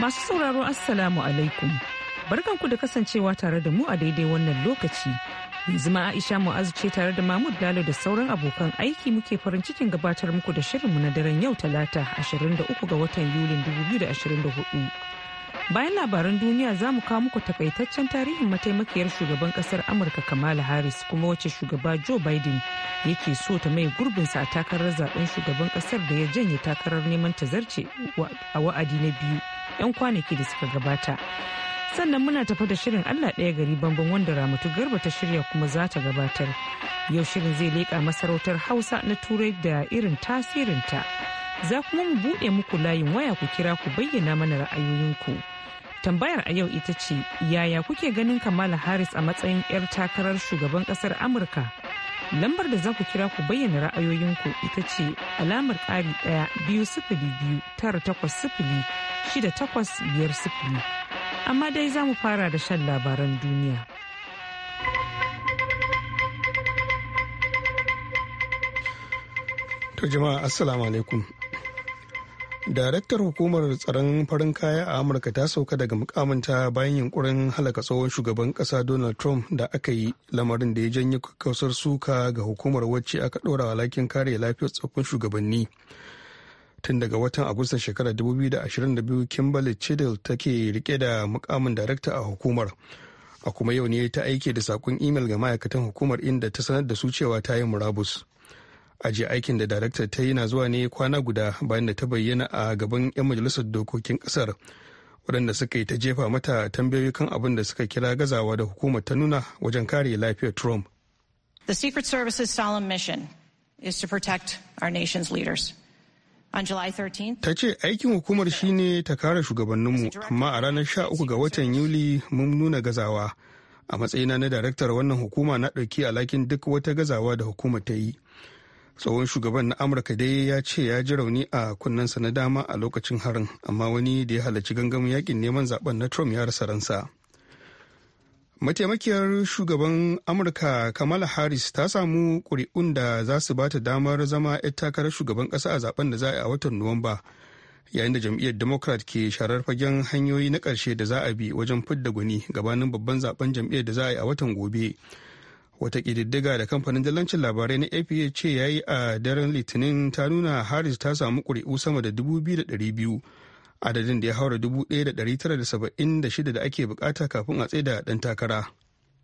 Masu sauraro Assalamu alaikum. Barkanku da kasancewa tare da mu a daidai wannan lokaci. Yanzu ma Aisha Mu'azu ce tare da Mahmud Lalo da sauran abokan aiki muke farin cikin gabatar muku da shirinmu na daren yau Talata 23 ga watan Yulin 2024. Bayan labaran duniya za mu kawo muku takaitaccen tarihin mataimakiyar shugaban kasar Amurka Kamala Harris kuma wace shugaba Joe Biden yake so ta mai gurbinsa a takarar zaben shugaban kasar da ya janye takarar neman ta zarce a wa'adi na biyu. 'yan kwanaki da suka gabata. Sannan muna tafi da shirin Allah ɗaya gari bambam wanda Ramatu Garba ta shirya kuma za ta gabatar. Yau shirin zai leƙa masarautar Hausa na Turai da irin tasirinta. Za kuma mu buɗe muku layin waya ku kira ku bayyana mana ra'ayoyinku. Tambayar a yau ita ce, yaya kuke ganin Kamala Harris a matsayin 'yar takarar shugaban ƙasar Amurka? lambar da za ku kira ku bayyana ra'ayoyinku ita ce alamar ƙari ɗaya biyu sifili biyu tara takwas sifili takwas biyar sifili amma dai za mu fara da shan labaran duniya. To jama'a assalamu alaikum. Daraktar hukumar tsaron farin kaya a Amurka ta sauka daga mukaminta bayan yunkurin halaka tsohon shugaban kasa Donald Trump da aka yi lamarin da ya janyo kakkausar suka ga hukumar wacce aka ɗora alakin kare lafiyar tsoffin shugabanni. tun daga watan agusta shekarar 2022 kimberly chidil take rike da mukamin darakta a hukumar a kuma yau ne ta aike da sakon imel ga ma'aikatan hukumar inda ta sanar da su cewa ta yi murabus ajiye aikin da darakta ta yi na zuwa ne kwana guda bayan da ta bayyana a gaban 'yan majalisar dokokin kasar waɗanda suka yi ta jefa mata tambayoyi kan abin da suka kira gazawa da hukumar ta nuna wajen kare lafiyar trump the secret service's solemn mission is to protect our nation's leaders Ta ce aikin hukumar shi ne ta kare shugabanninmu amma a ranar 13 ga watan Yuli mun nuna gazawa. A matsayina na daraktar wannan hukuma na ɗauki alakin duk wata gazawa da hukumar ta yi. Tsohon shugaban na Amurka dai ya ce ya ji rauni a kunnensa na dama a lokacin harin amma wani da ya halarci gangamin yakin neman zaben na Trump ya rasa ransa. mataimakiyar shugaban amurka kamala harris ta samu ƙuri'un da za su ba ta damar zama 'yar takarar shugaban ƙasa a zaben da za a yi a watan nuwamba yayin da jam'iyyar democrat ke sharar fagen hanyoyi na ƙarshe da za a bi wajen fidda gwani gabanin babban zaben jam'iyyar da za a yi a watan gobe wata ƙididdiga da kamfanin dalancin labarai na apa ce ya yi a daren litinin ta nuna harris ta samu ƙuri'u sama da biyu adadin da ya haura 1,976 da ake bukata kafin a tsaida dan takara.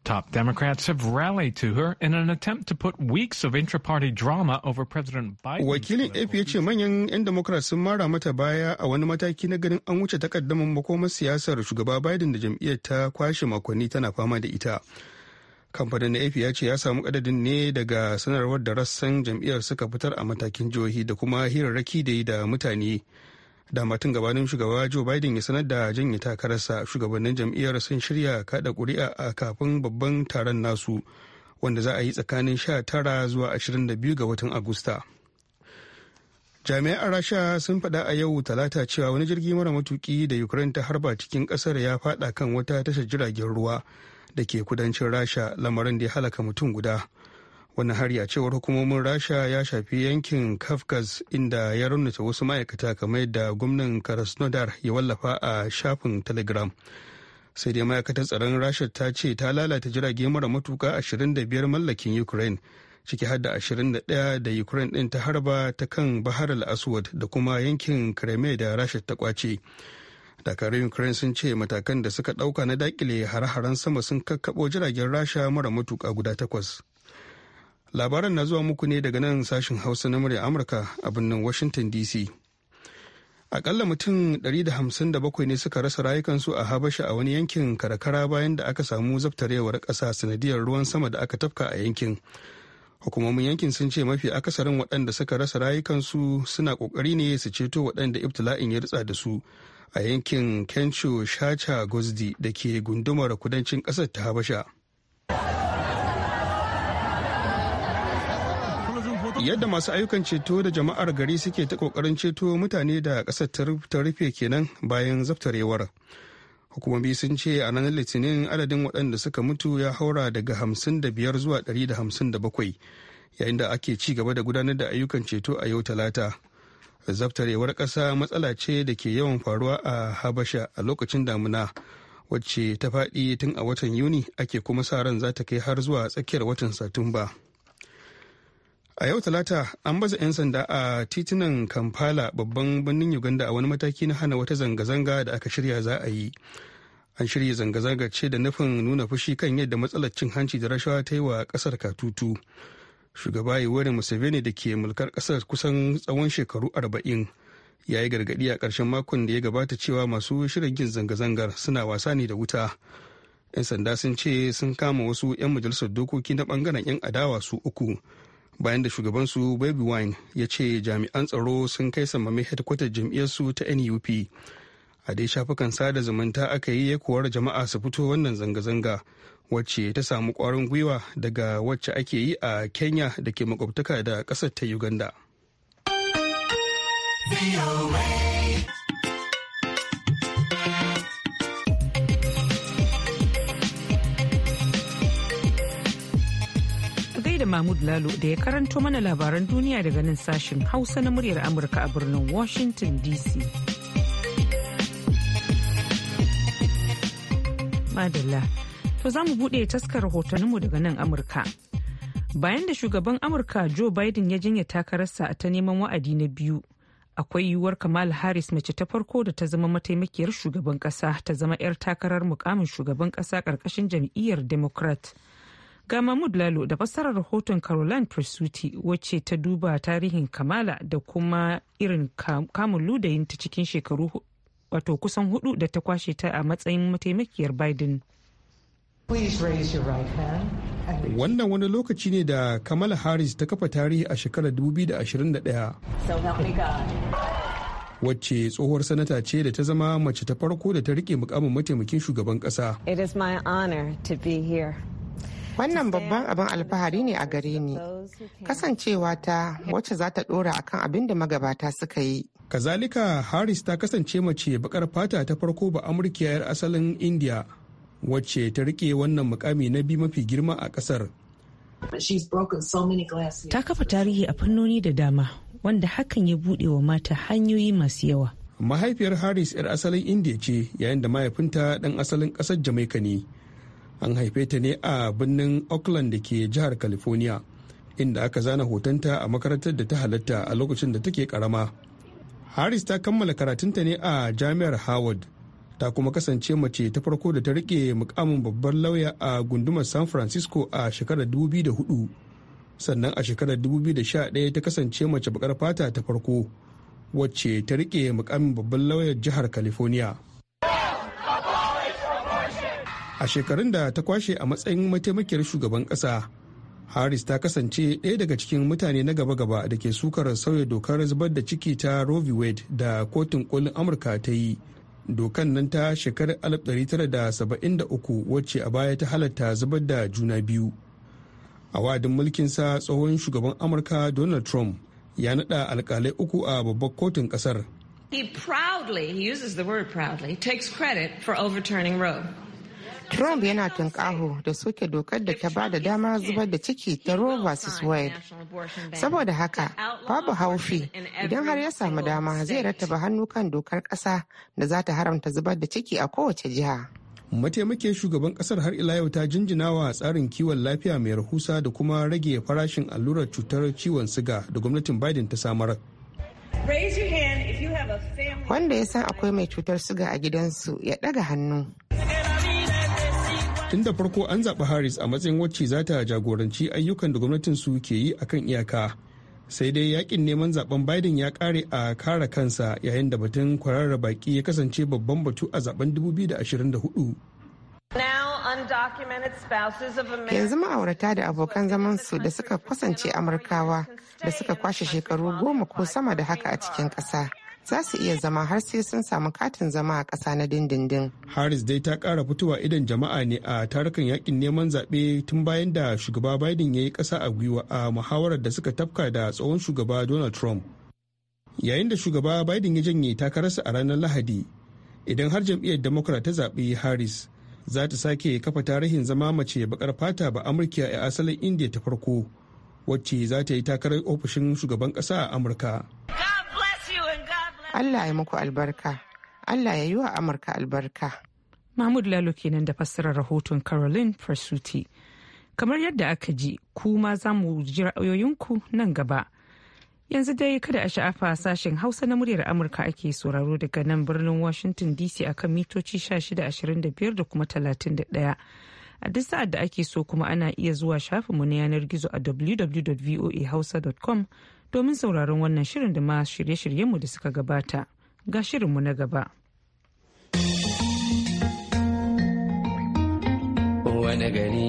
Top Democrats have rallied to her in an attempt to put weeks of intra-party drama over President Biden. Wakilin AP ya ce manyan 'yan Democrats sun mara mata baya a wani mataki na ganin an wuce takaddamin makomar siyasar shugaba Biden da jam'iyyar ta kwashe makonni tana fama da ita. Kamfanin na AP ya ce ya samu adadin ne daga sanarwar da rassan jam'iyyar suka fitar a matakin jihohi da kuma hirarraki da yi da mutane. da tun gabanin shugaba joe biden ya sanar da janye takararsa shugabannin jam'iyyar sun shirya kada kuri'a a kafin babban taron nasu wanda za a yi tsakanin 19 zuwa 22 ga watan agusta jami'an rasha sun faɗa a yau talata cewa wani jirgi mara matuki da ukraine ta harba cikin ƙasar ya faɗa kan wata tashar jiragen ruwa da ke kudancin rasha lamarin da ya halaka mutum guda wani hari a cewar hukumomin rasha ya shafi yankin kafkas inda ya raunata wasu ma'aikata kamar da gwamnan krasnodar ya wallafa a shafin telegram sai dai ma'aikatar tsaron rasha ta ce ta lalata jirage mara matuka 25 mallakin ukraine ciki har da 21 da ukraine din ta harba ta kan bahar al-aswad da kuma yankin kreme da rasha ta kwace dakarun ukraine sun ce matakan da suka dauka na dakile hare-haren sama sun kakkabo jiragen rasha mara matuka guda takwas labaran na zuwa muku ne daga nan sashen hausa na murya amurka a birnin washington dc akalla mutum 157 ne suka rasa rayukansu a habasha a wani yankin karakara bayan da aka samu zabtarewar ƙasa sanadiyar ruwan sama da aka tafka a yankin hukumomin yankin sun ce mafi akasarin waɗanda suka rasa rayukansu suna ƙoƙari ne su ceto waɗanda ibtila'in ya ritsa da su a yankin kencho shacha gozdi da ke gundumar kudancin ƙasar ta habasha yadda masu ayyukan ceto da jama'ar gari suke ta kokarin ceto mutane da ƙasa ta rufe kenan bayan zaftarewar hukumomi sun ce a ranar litinin adadin waɗanda suka mutu ya haura daga hamsin da biyar zuwa ɗari da da hamsin bakwai yayin da ake ci gaba da gudanar da ayyukan ceto a yau talata zaftarewar ƙasa matsala ce da ke yawan faruwa a habasha a lokacin damuna wacce ta faɗi tun a watan yuni ake kuma sa ran za ta kai har zuwa tsakiyar watan satumba. a yau talata an baza 'yan sanda a titunan kampala babban birnin uganda a wani mataki na hana wata zanga-zanga da aka shirya za a yi an shirya zanga-zangar ce da nufin nuna fushi kan yadda matsalar cin hanci da rashawa ta yi wa kasar katutu shugaba yoweri museveni da ke mulkar kasar kusan tsawon shekaru arba'in ya yi gargadi a ƙarshen makon da ya gabata cewa masu shirin yin zanga-zangar suna wasa ne da wuta 'yan sanda sun ce sun kama wasu 'yan majalisar dokoki na bangaren 'yan adawa su uku bayan da shugabansu baby wine ya ce jami'an tsaro sun kai samami hedkwatar jam'iyyarsu ta nup a dai shafukan sada zumunta aka yi ya kowar jama'a su fito wannan zanga-zanga wacce ta samu kwarin gwiwa daga wacce ake yi a kenya da ke makwabtaka da ƙasar ta uganda. da Mahmud Lalo da ya karanto mana labaran duniya daga nan sashen Hausa na muryar Amurka a birnin Washington DC. Madalla, to za mu buɗe taskar rahotanninmu daga nan Amurka. Bayan da shugaban Amurka Joe Biden ya jinya takararsa a ta neman wa'adi na biyu, akwai yiwuwar kamal Harris mace ta farko da ta zama mataimakiyar shugaban ƙasa ta zama 'yar takarar mukamin shugaban ƙasa ƙarƙashin jam'iyyar Democrat. Ga Mahmud Lalo da fassarar rahoton Caroline Presuti wacce ta duba tarihin Kamala da kuma irin kamun ludayin ta cikin shekaru wato kusan hudu da ta kwashe ta a matsayin mataimakiyar Biden. Wannan wani lokaci ne da Kamala Harris ta kafa tarihi a shekarar 2021. Wacce tsohuwar sanata ce da ta zama mace ta farko da ta rike mukamin mataimakin shugaban ƙasa. It my honor to be here. Wannan babban abin alfahari ne a gare ni. Kasancewa ta wacce za ta dora akan abin da magabata suka yi. Kazalika Harris ta kasance mace bakar fata ta farko ba Amurkiya 'yar asalin India wacce ta rike wannan mukami na biyu mafi girma a kasar. Ta kafa tarihi a fannoni da dama wanda hakan ya buɗe wa mata hanyoyi masu yawa. Mahaifiyar Harris 'yar asalin India ce yayin da mahaifinta ɗan asalin ƙasar Jamaika ne. an haife ta ne a birnin auckland da ke jihar california inda aka zana hotonta a makarantar da ta halatta a lokacin da take karama harris ta kammala karatunta ne a jami'ar howard ta kuma kasance mace ta farko da ta rike mukamin babbar lauya a gundumar san francisco a shekarar 2004 sannan a shekarar 2011 ta kasance mace bakar fata ta farko wacce ta rike mukamin babban lauyar jihar california a shekarun da ta kwashe a matsayin mataimakiyar shugaban kasa harris ta kasance ɗaya daga cikin mutane na gaba-gaba da ke sukar sauya dokar zubar da ciki ta roe v wade da kotun kolin amurka ta yi dokan nan ta shekarar 1973 wacce a baya ta halatta zubar da juna biyu a wa'adin sa tsohon shugaban amurka donald trump ya naɗa alkalai uku a babbar kotun ƙasar He proudly, he uses the word proudly, takes credit for overturning Roe. Trump yana tunƙaho da soke dokar da ta bada dama zubar da ciki ta Roe vs. Wade. Saboda haka, babu haufi idan har ya samu dama zai rattaba hannu kan dokar ƙasa da za ta haramta zubar da ciki a kowace jiha. Mataimakin shugaban kasar har ila yau ta jinjina wa tsarin kiwon lafiya mai rahusa da kuma rage farashin allurar cutar ciwon siga da gwamnatin Biden ta samar. Wanda ya san akwai mai cutar siga a gidansu ya ɗaga hannu. tun da farko an zaɓi harris a matsayin wacce za ta jagoranci ayyukan da gwamnatin su ke yi akan iyaka sai dai yakin neman zaben biden ya kare a kara kansa yayin da batun kwararra baki ya kasance babban batu a zaben 2024 yanzu ma'aurata da abokan zaman su da suka kasance amurkawa da suka kwashe shekaru goma ko sama da haka a cikin ƙasa za su iya zama har sai sun samu katin zama a ƙasa na dindindin. Harris dai ta ƙara fitowa idan jama'a ne a tarukan yakin neman zaɓe tun bayan da shugaba Biden ya yi ƙasa a gwiwa a muhawarar da suka tafka da tsohon shugaba Donald Trump. Yayin da shugaba Biden ya janye takararsa a ranar Lahadi, idan har jam'iyyar Democrat ta zaɓi Harris, za ta sake kafa tarihin zama mace bakar fata ba Amurka a asalin Indiya ta farko, wacce za ta yi takarar ofishin shugaban ƙasa a Amurka. Allah ya muku albarka. Allah ya yi wa Amurka albarka. Mahmud Lalo kenan da fassarar rahoton Caroline Persuti. Kamar yadda aka ji, ku ma za mu ji ra'ayoyinku nan gaba. Yanzu dai kada a sha'afa sashen Hausa na muryar Amurka ake sauraro daga nan birnin Washington DC akan mitoci 1625 da kuma 31. A duk sa'ad da ake so kuma ana iya zuwa shafinmu na yanar gizo a www.voahausa.com domin sauraron wannan shirin da ma shirye-shiryenmu da suka gabata ga shirinmu na gaba. Wani gari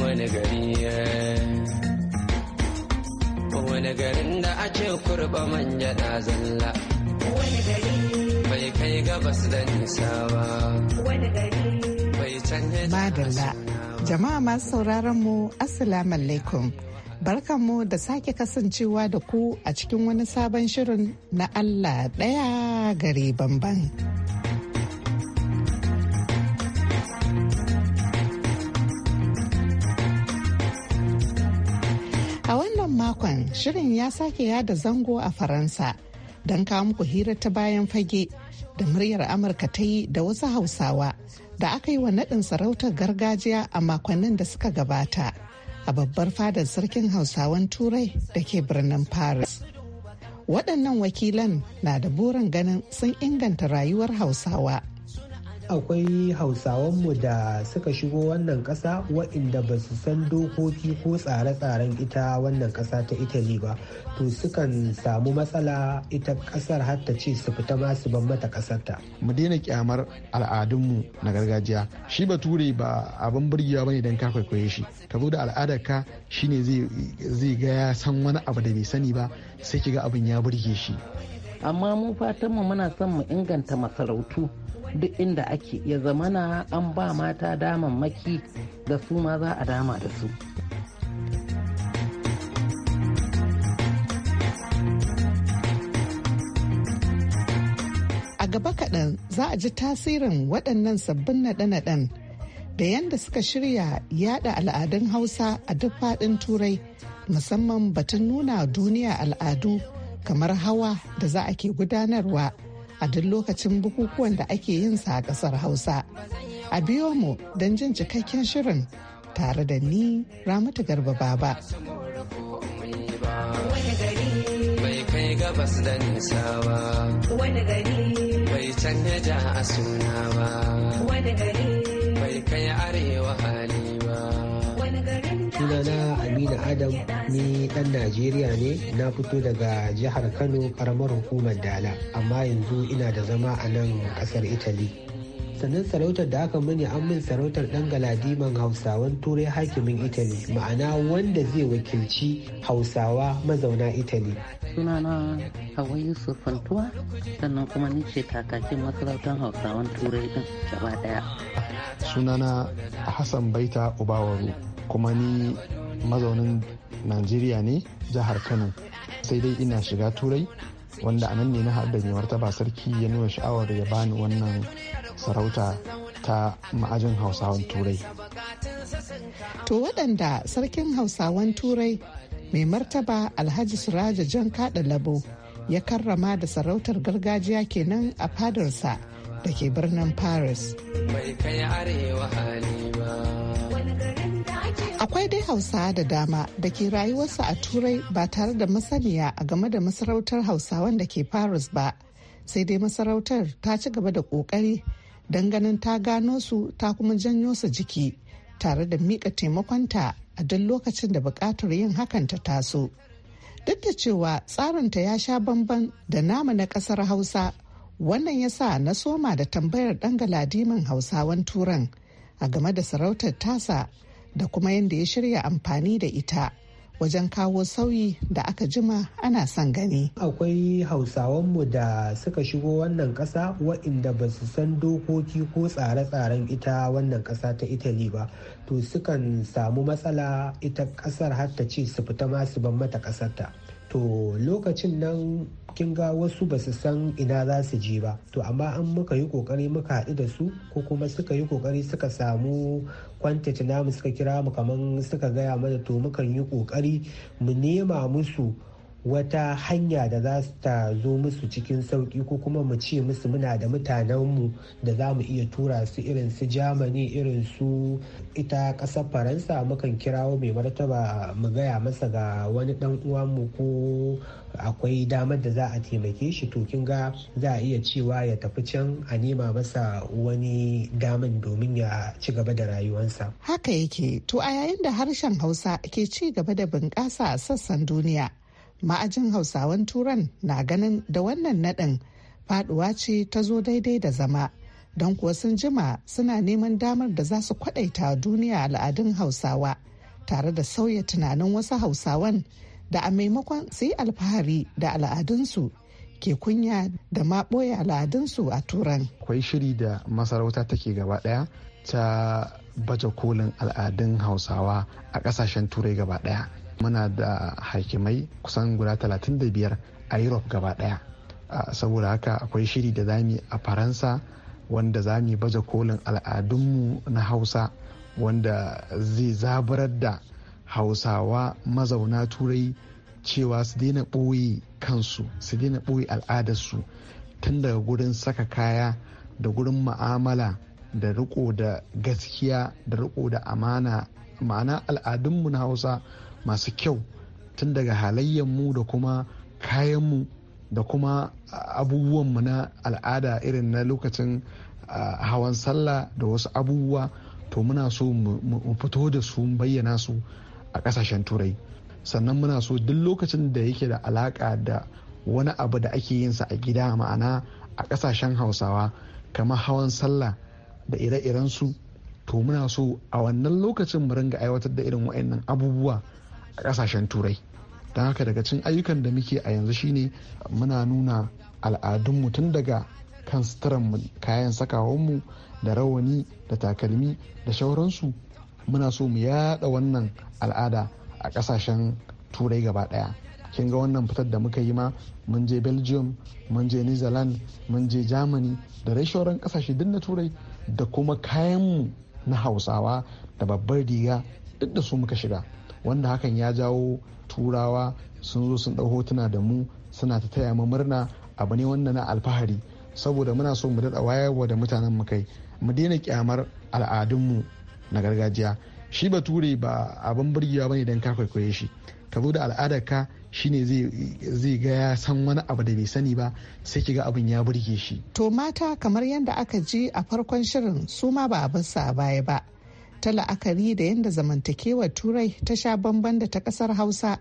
wani gari wani garin da ake kurba manja da zalla wani gari bai kai gabas da nisa ba wani gari bai canja madalla Jama'a masu sauraron mu Assalamu alaikum. Barkanmu da sake kasancewa da ku a cikin wani sabon shirin na Allah ɗaya gare bamban. A wannan makon shirin ya sake yada zango a Faransa don kawo muku hira ta bayan fage da muryar Amurka ta yi da wasu Hausawa da aka yi wa naɗin sarautar gargajiya a makonnin da suka gabata a babbar fadar sarkin hausawan turai da ke birnin paris waɗannan wakilan na da burin ganin sun inganta rayuwar hausawa akwai mu da suka shigo wannan kasa waɗanda ba su san dokoki ko tsare-tsaren ita wannan kasa ta italy ba to sukan samu matsala ita ƙasar har ta ce su fita ma su ban mata kasarta mu daina kyamar al'adunmu na gargajiya shi ba ture ba abin burgewa bane dan ka kwaikwaye shi ka zo da al'adar ka shine zai ga ya san wani abu da bai sani ba sai ki ga abin ya burge shi amma mu fatanmu muna son mu inganta masarautu duk inda ake ya zamana an ba mata daman maki da su ma za a dama da su a gaba kaɗan za a ji tasirin waɗannan sabbin naɗe-naɗen da yadda suka shirya yaɗa al'adun hausa a duk faɗin turai musamman batun nuna duniya al'adu kamar hawa da za a ke gudanarwa a duk lokacin bukukuwan da ake yin sa a ƙasar Hausa. A biyo mu don jin cikakken shirin tare da ni Ramatu Garba Baba. da wani gari bai canja a suna ba wani gari bai kai arewa hali ba sunana aminu adam ni dan najeriya ne na fito daga jihar kano karamar hukumar dala amma yanzu ina da zama a nan kasar italy sannan sarautar da aka mani an min sarautar dan galadiman hausawan turai hakimin italy ma'ana wanda zai wakilci hausawa mazauna italy sunana hawa yusuf fantuwa sannan kuma ni ce kakakin masarautar hausawan turai din gaba daya sunana hassan baita ubawaru kuma ni mazaunin najeriya ne jihar kano sai dai ina shiga turai wanda a nan ne na haɗa mai martaba sarki ya nuna sha'awar ya bani wannan sarauta ta ma'ajin hausawan turai to waɗanda sarkin hausawan turai mai martaba alhaji suraja jan kaɗa labo ya karrama da sarautar gargajiya kenan a fadarsa da ke birnin paris akwai dai hausawa da dama da ke rayuwarsa a turai ba tare da masaniya a game da masarautar hausawan da ke paris ba sai dai masarautar ta ci gaba da ƙoƙari don ganin ta gano su ta kuma janyo su jiki tare da miƙa taimakonta a duk lokacin da buƙatar yin hakan ta taso duk da cewa tsarinta ya sha bamban da nama na ƙasar hausa wannan ya sa na soma da tambayar dan galadiman hausawan turan a game da sarautar tasa da kuma yadda ya shirya amfani da ita wajen kawo sauyi da aka jima ana son gani. Akwai hausawanmu da suka shigo wannan ƙasa wa'inda ba su san dokoki ko tsare-tsaren ita wannan ƙasa ta Italy ba. To sukan samu matsala ita ƙasar har ta ce su fita masu ban mata ƙasarta. To lokacin nan kin ga wasu ba su san ina za su je ba to amma an muka yi kokari muka haɗu da su ko kuma suka yi kokari suka samu kwantace namu suka kira mu kamar suka gaya mana to mukan yi kokari mu nema musu wata hanya da za ta zo musu cikin sauƙi ko kuma mu ce musu muna da mutanenmu da za mu iya tura su irin su germany irin su ita ƙasar faransa mukan kirawo mai martaba mu gaya masa ga wani dan uwanmu ko akwai damar da za a taimake shi to kin ga za a iya cewa ya tafi can a nema masa wani daman domin ya ci gaba da rayuwansa haka yake to a yayin da harshen hausa ke ci gaba da bunƙasa a sassan duniya ma'ajin hausawan turan na ganin da wannan naɗin faduwa ce ta zo daidai da zama don kuwa sun jima suna neman damar da za su kwadaita duniya al'adun hausawa tare da sauya tunanin wasu hausawan da a maimakon su yi alfahari da al'adunsu ke kunya da ma ɓoye al'adunsu a turan. Akwai shiri da masarauta take gaba ɗaya ta baje kolin al'adun hausawa a ƙasashen turai gaba ɗaya muna da hakimai kusan guda 35 a europe gaba daya saboda haka akwai shiri da zami a faransa wanda zami baje kolin al'adunmu na hausa wanda zai zaburar da hausawa mazauna turai cewa su daina ɓoye kansu su daina ɓoye al'adarsu tun daga gurin saka kaya da gurin ma'amala da riko da gaskiya da riko da amana ma'ana al'adunmu na hausa masu kyau tun daga mu da kuma kayanmu da kuma abubuwanmu na al'ada irin na lokacin hawan sallah da wasu abubuwa to muna so mu fito da su bayyana su a kasashen turai sannan muna so duk lokacin da yake da alaka da wani abu da ake yin sa a gida ma'ana a kasashen hausawa kamar hawan sallah da ire iren su to muna so a wannan lokacin mu ringa aiwatar da irin wa'annan abubuwa a kasashen turai don haka daga cikin ayyukan da muke a yanzu shine muna nuna al'adunmu tun daga kan suturanmu kayan sakawanmu da rawani da takalmi da shauransu muna so mu yada wannan al'ada a kasashen turai gaba daya kin ga wannan fitar da muka yi ma mun je belgium mun je new zealand mun je germany da rai shauran kasashe duk na turai da kuma kayanmu na hausawa da babbar riga duk da su muka shiga wanda hakan ya jawo turawa sun zo sun ɗau hotuna da mu suna ta taya mu murna abu ne wanda na alfahari saboda muna so mu daɗa wayarwa da mutanen mu kai mu daina kyamar al'adunmu na gargajiya shi bature ba abin burgewa bane don ka kwaikwaye shi ka zo da al'adar ka shine zai ga ya san wani abu da bai sani ba sai kiga abin ya burge shi to mata kamar yadda aka ji a farkon shirin su ma ba abin sa baya ba ta la'akari da yadda zamantakewar turai ta sha bamban da ta kasar hausa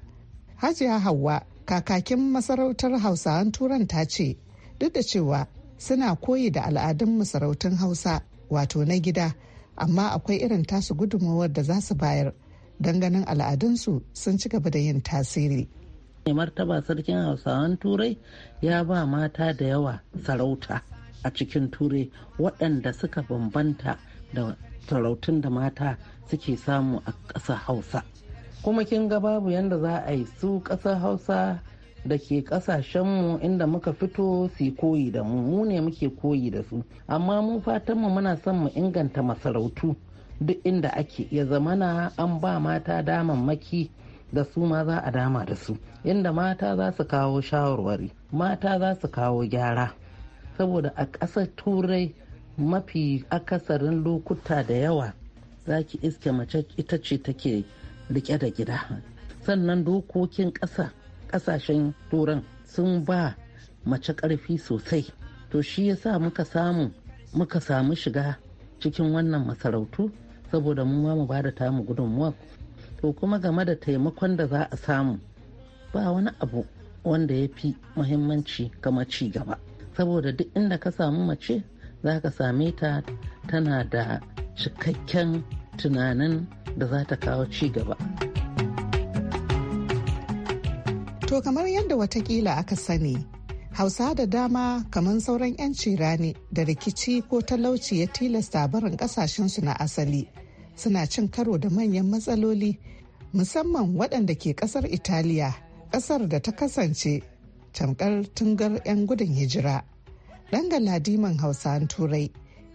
hajiya hauwa kakakin masarautar hausawan turan ta ce duk da cewa suna koyi da al'adun masarautun hausa wato na gida amma akwai irin tasu gudunmawar da za su bayar don ganin al'adunsu sun ci gaba da yin tasiri martaba sarkin hausawan turai ya ba mata da yawa sarauta a cikin turai waɗanda suka bambanta da sarautun da mata suke samu a ƙasar hausa kuma kin ga babu yadda za a yi su ƙasar hausa da ke ƙasashenmu inda muka fito su koyi da mu mu ne muke koyi da su amma mu fatanmu muna son mu inganta masarautu duk inda ake ya zamana an ba mata damammaki da su ma za a dama da su inda mata za su kawo shawarwari mata za su kawo gyara saboda a ƙasar turai mafi akasarin lokuta da yawa za ki iske mace ita ce take rike da gida sannan dokokin ƙasa ƙasashen turan sun ba mace ƙarfi sosai to shi yasa muka samu muka samu shiga cikin wannan masarautu saboda mu ma mu ba da tamu gudunmuwa to kuma game da taimakon da za a samu ba wani abu wanda ya fi muhimmanci kamar ci gaba saboda duk inda ka samu mace za ka same ta tana da cikakken tunanin da za ta kawo ci gaba. To kamar yadda watakila aka sani, hausa da dama kamar sauran 'yanci rani da rikici ko talauci ya tilasta barin kasashensu na asali suna cin karo da manyan matsaloli musamman waɗanda ke ƙasar italiya ƙasar da ta kasance tamkar tungar 'yan gudun hijira. ɗan galadiman hausan turai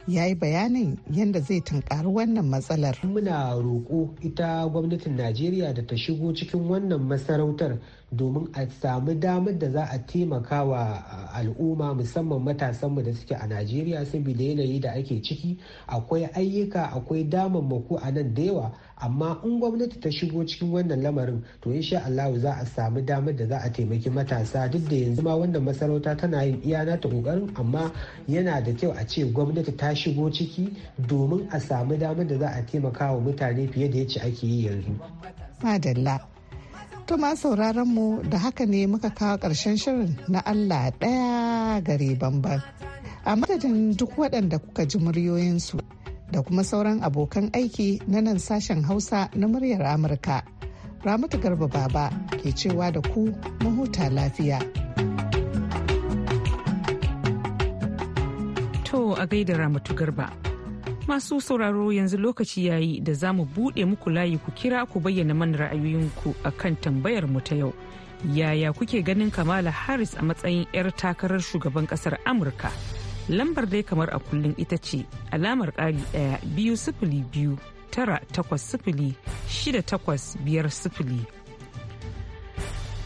ya yi bayanin yadda zai tunkari wannan matsalar. Muna roƙo ita gwamnatin Najeriya da ta shigo cikin wannan masarautar domin a samu damar da za a taimaka wa al'umma musamman matasanmu da suke a najeriya saboda yanayi da ake ciki akwai ayyuka akwai damammaku a nan da yawa amma in gwamnati ta shigo cikin wannan lamarin to insha Allah za a samu damar da za a taimaki matasa duk da yanzu ma wannan masarauta tana yin iya ta kokarin amma yana da kyau a ce gwamnati ta shigo ciki domin a samu damar da za a taimaka wa mutane fiye da yace ake yi yanzu. Madalla ma sauraron mu da haka ne muka kawo ƙarshen shirin na Allah ɗaya gare bamban. A madadin duk waɗanda kuka ji muryoyinsu da kuma sauran abokan aiki na nan sashen Hausa na muryar Amurka. Ramatu Garba Baba ke cewa da ku mahuta lafiya. To a gaida Ramatu Garba. Masu sauraro yanzu lokaci yayi da za mu buɗe muku layi ku kira ku bayyana mana ra'ayoyinku a kan tambayar mu ta yau. Yaya kuke ganin Kamala Harris a matsayin 'yar takarar shugaban ƙasar Amurka? Lambar dai kamar a kullum ita ce alamar ƙari ɗaya biyu sifili biyu tara takwas sifili shida takwas biyar sifili.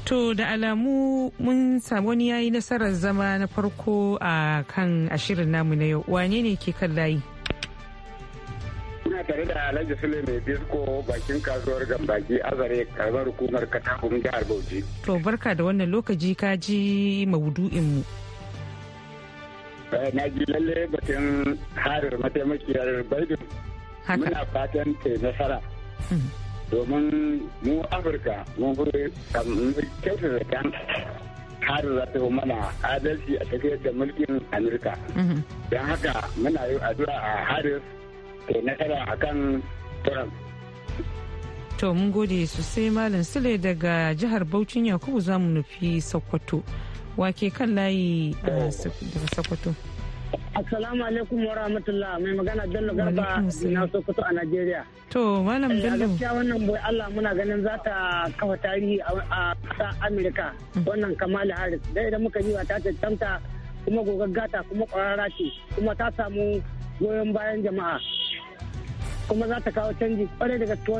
To da alamu mun samu wani yayi nasarar zama na farko a kan ashirin namu na yau wane ne ke kan layi? tare da Alhaji Sule mai disko bakin kasuwar Gambaki Azare karbar hukumar Katakun jihar Bauchi. To barka da wannan lokaci ka ji mawudu'in mu. Eh, na ji lalle batun harar mataimakiyar Biden. Muna fatan ke nasara. Hmm. Domin mu Afirka mun fi da kan harin za ta mana adalci a tafiyar da mulkin Amurka. Hmm. Don haka muna yi addu'a a Harris ta yi nasara a kan trump to mun gode sosai malam sule daga jihar bauchin yakubu za mu nufi sokoto wake kan layi oh. daga sokoto Assalamu alaikum wa rahmatullah mai magana Bello Garba na Sokoto a Najeriya. To Malam eh, Bello. Gaskiya wannan boy Allah muna ganin za ta kafa tarihi a ƙasa Amerika mm. wannan Kamala Harris. Dai idan muka yi wa ta tantanta kuma gogaggata kuma ƙwararra ce kuma ta samu goyon bayan jama'a. kuma za ta kawo canji kwarai da gaske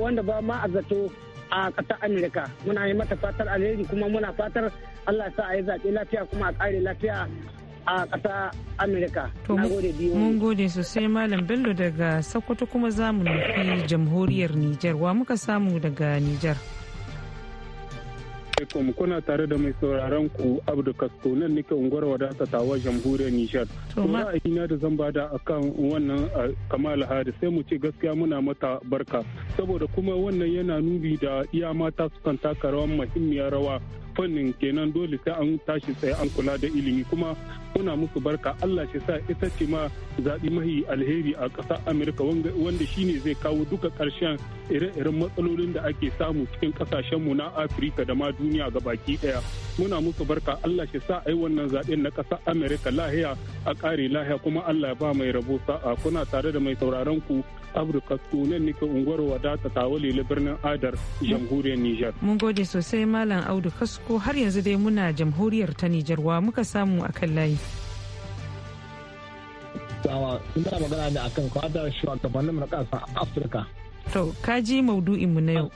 wanda ba ma a zato a ƙasar Amerika muna yi mata fatar alheri kuma muna fatar Allah sa a yi zaɓe lafiya kuma a ƙare lafiya a ƙasar Amerika. To mun gode sosai Malam Bello daga Sokoto kuma zamu nufi jamhuriyar Nijar wa muka samu daga Nijar. alaikum kuna tare da mai sauraron ku Abdu Kasko nan nake unguwar wadata tawa jamhuriyar Nijar. Kuma ina da zan bada akan wannan Kamal Hadi sai mu ce gaskiya muna mata barka saboda kuma wannan yana nubi da iya mata sukan taka rawar muhimmiyar rawa fannin kenan dole sai an tashi tsaye an kula da ilimi kuma muna musu barka Allah shi sa ita ce ma zaɓi mahi alheri a ƙasa Amurka wanda shi ne zai kawo duka ƙarshen ire-iren matsalolin da ake samu cikin ƙasashenmu na Afirka da ma duniya baki ɗaya. Muna musu barka Allah shi sa ai wannan zaɓen na ƙasa Amurka lahiya a ƙare lahiya kuma Allah ya ba mai rabo sa'a kuna tare da mai sauraron ku Afirka nan nake unguwar wadata tawale birnin Adar jamhuriyar Nijar. Mun gode sosai Malam Audu Kasko farko har yanzu dai muna jamhuriyar ta Nijarwa muka samu a kan layi. Sawa, ina magana ne akan kwadar shugabannin mu na ƙasar Afirka. To, ka ji maudu'in mu na yau.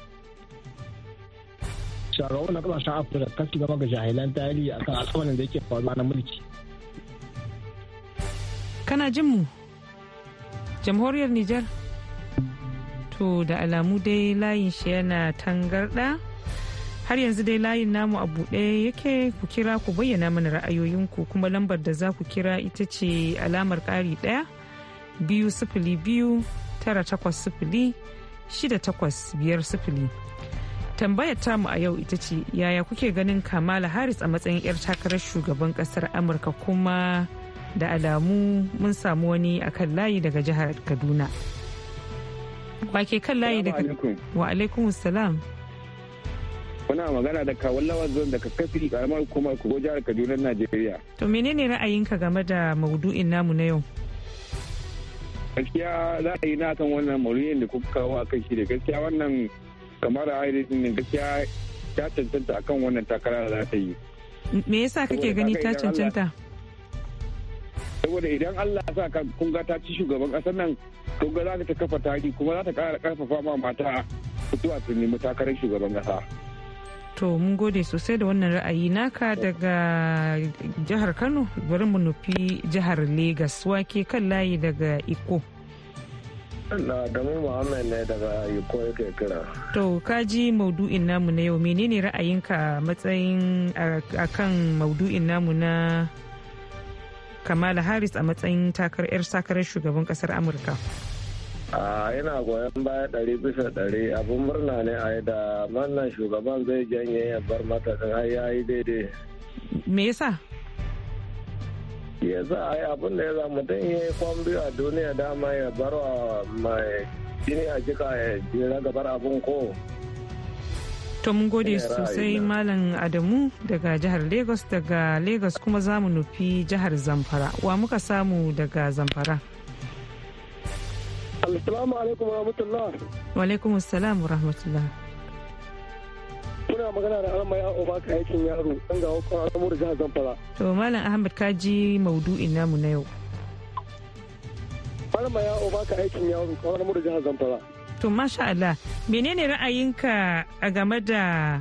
Shugabannin na ƙasashen Afirka kan su gama ga jahilan tarihi akan al'amarin da yake faruwa na mulki. Kana jin mu? Jamhuriyar Nijar? To, da alamu dai layin shi yana tangarɗa. har yanzu dai layin namu a buɗe yake ku kira ku bayyana mana ra'ayoyinku kuma lambar da za ku kira ita ce alamar ƙari ɗaya biyu sifili biyu tara takwas sifili shida takwas biyar sifili tambayar tamu a yau ita ce yaya kuke ganin kamala harris a matsayin 'yar takarar shugaban kasar amurka kuma da alamu mun samu wani akan layi daga jihar kaduna wake kan layi daga wa alaikum salam Muna magana da kawun lawazon daga kafi karamar hukumar kogo jihar Kaduna Najeriya. To menene ra'ayinka game da maudu'in namu na yau? Gaskiya za a yi na kan wannan maudu'in da kuka kawo a kan shi da gaskiya wannan kamar a ne gaskiya ta cancanta akan wannan takara da za ta yi. Me yasa kake gani ta cancanta? saboda idan Allah sa ka kun ga ta ci shugaban kasar nan kun ga za ta kafa tari kuma za ta kara ƙarfafa ma mata fitowa su nemi takarar shugaban kasa. to mun gode sosai da wannan ra'ayi naka daga jihar kano bari mu nufi jihar lagos wake kan layi daga iko na damar muhammad ne daga iko yake kira to kaji maudu'in namu na yau menene ra'ayinka matsayin akan maudu'in namu na kamala harris a matsayin takarar sakarar shugaban kasar amurka a yana goyon baya ɗari bisa ɗari abin murna ne a da wannan shugaban zai janye ya bar mata da har ya yi daidai me yasa ya za a yi abin da ya za mutum ya yi kwambi a duniya dama ya bar wa mai jini a jika ya jira gabar abin ko to mun gode sosai malam adamu daga jihar lagos daga lagos kuma za mu nufi jihar zamfara wa muka samu daga zamfara alaikum wa Wa alaikum rahmatullah. Kuna magana da Ahmad ya oba ka yaro Ɗan ga wakon jihar Zamfara. To Malam Ahmad ka ji maudu'in namu na yau. ya oba aikin yaro jihar Zamfara. To masha Allah menene ra'ayinka a game da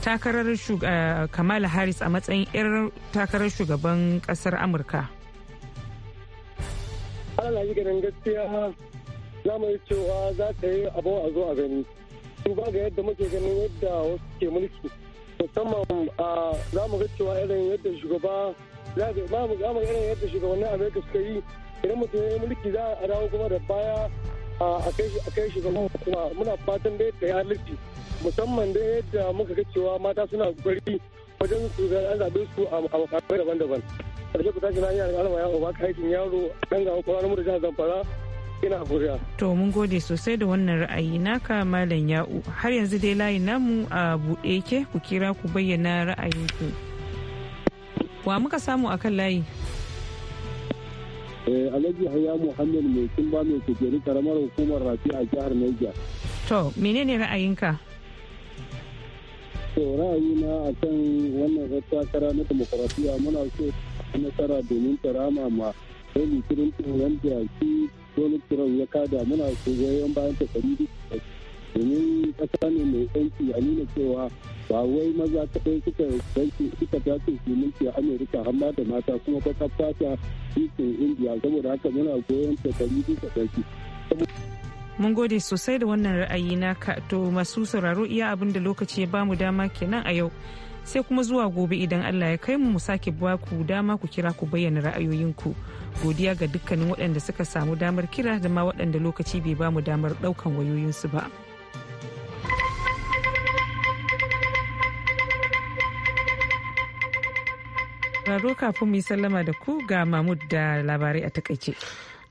takarar eh, Kamala Harris a matsayin 'yar takarar shugaban kasar Amurka? Allah ganin gaskiya za mu yi cewa za ta yi abu a zo a gani ba ga yadda muke ganin yadda wasu ke mulki musamman a za mu ga cewa irin yadda shugaba za mu ga irin yadda shugabannin amerika suka yi idan mutum ya yi mulki za a dawo kuma da baya a kai shugaban kuma muna fatan da yadda ya halitti musamman da yadda muka ga cewa mata suna kokari wajen su ga an zaɓe su a makamai daban-daban. Ƙarshe ku tashi na hanyar alama ya ba ka haifin yaro ɗan ga kwanan mu da jihar Zamfara ina godiya. To mun gode sosai da wannan ra'ayi naka Malam Ya'u. Har yanzu dai layin namu a buɗe yake ku kira ku bayyana ra'ayinku. Wa muka samu akan layi? Eh, Alhaji Hayya Muhammad mai ba mai kujeru karamar hukumar rafi a jihar Niger. To menene ra'ayinka? To a kan wannan takara na demokarasiya muna so nasara domin tarama ma wani kirin wanda shi wani trump ya kada muna goyon bayan ta ɗari domin kasa ne mai yanki a nuna cewa ba wai maza kaɗai suka yanki suka tashi su mulki a amurka amma da mata kuma ta fata cikin indiya saboda haka muna goyon ta ɗari bisa ɗari. mun gode sosai da wannan ra'ayi naka to masu sauraro iya abin da lokaci ya bamu dama kenan a yau sai kuma zuwa gobe idan Allah ya kai mu mu sake ba ku dama ku kira ku bayyana ra'ayoyinku godiya ga dukkanin waɗanda suka samu damar kira da ma waɗanda lokaci bai ba mu damar ɗaukan wayoyinsu ba. Raro kafin mu yi sallama da ku ga Mahmud da labarai a takaice.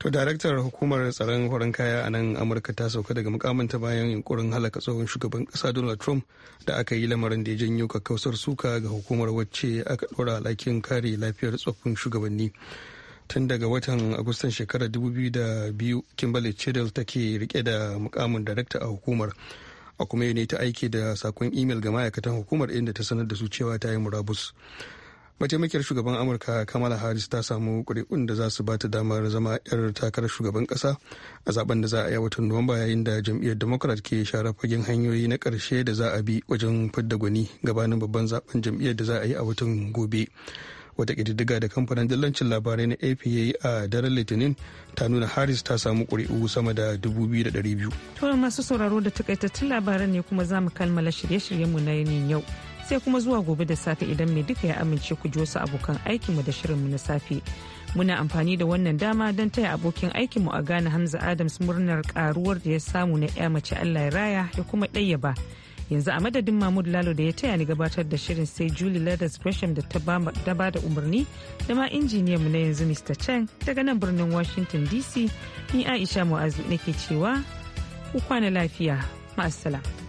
To daraktar hukumar tsaron farin kaya a nan Amurka ta sauka daga mukamanta bayan yunkurin halaka tsohon shugaban kasa Donald Trump da aka yi lamarin da ya janyo kakkausar suka ga hukumar wacce aka ɗora alhakin kare lafiyar tsoffin shugabanni. Tun daga watan Agustan shekarar 2002 Kimberly Chidil take rike da mukamin darakta a hukumar. A kuma ne ta aiki da sakon imel ga ma'aikatan hukumar inda ta sanar da su cewa ta yi murabus. mataimakiyar shugaban amurka kamala harris ta samu kuri'un da za su ba ta damar zama 'yar takarar shugaban kasa a zaben da za a yi watan nuwamba yayin da jam'iyyar democrat ke share fagen hanyoyi na karshe da za a bi wajen fidda gwani gabanin babban zaben jam'iyyar da za a yi a watan gobe wata ƙididdiga da kamfanin dillancin labarai na apa a daren litinin ta nuna harris ta samu kuri'u sama da 2,200 to masu sauraro da takaitattun labaran ne kuma za mu kammala shirye-shiryenmu na yinin yau sai kuma zuwa gobe da safe idan mai duka ya amince ku ji wasu abokan aikinmu da shirinmu na safe. Muna amfani da wannan dama don taya abokin aikinmu a gane Hamza Adams murnar karuwar da ya samu na ya mace Allah ya raya ya kuma ɗayyaba. Yanzu a madadin Mahmud Lalo da ya taya ni gabatar da shirin sai Julie Ladders Gresham da ta ba da umarni da ma mu na yanzu Mr. Chang daga nan birnin Washington DC ni Aisha Mu'azu nake cewa ku kwana lafiya ma'asala.